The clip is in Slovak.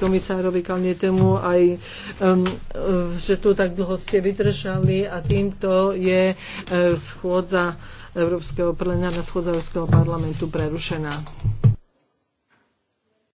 komisárovi Kalnietemu aj, um, že tu tak dlho ste vydržali a týmto je e, schôdza Európskeho, plenárna schôdza Európskeho parlamentu prerušená.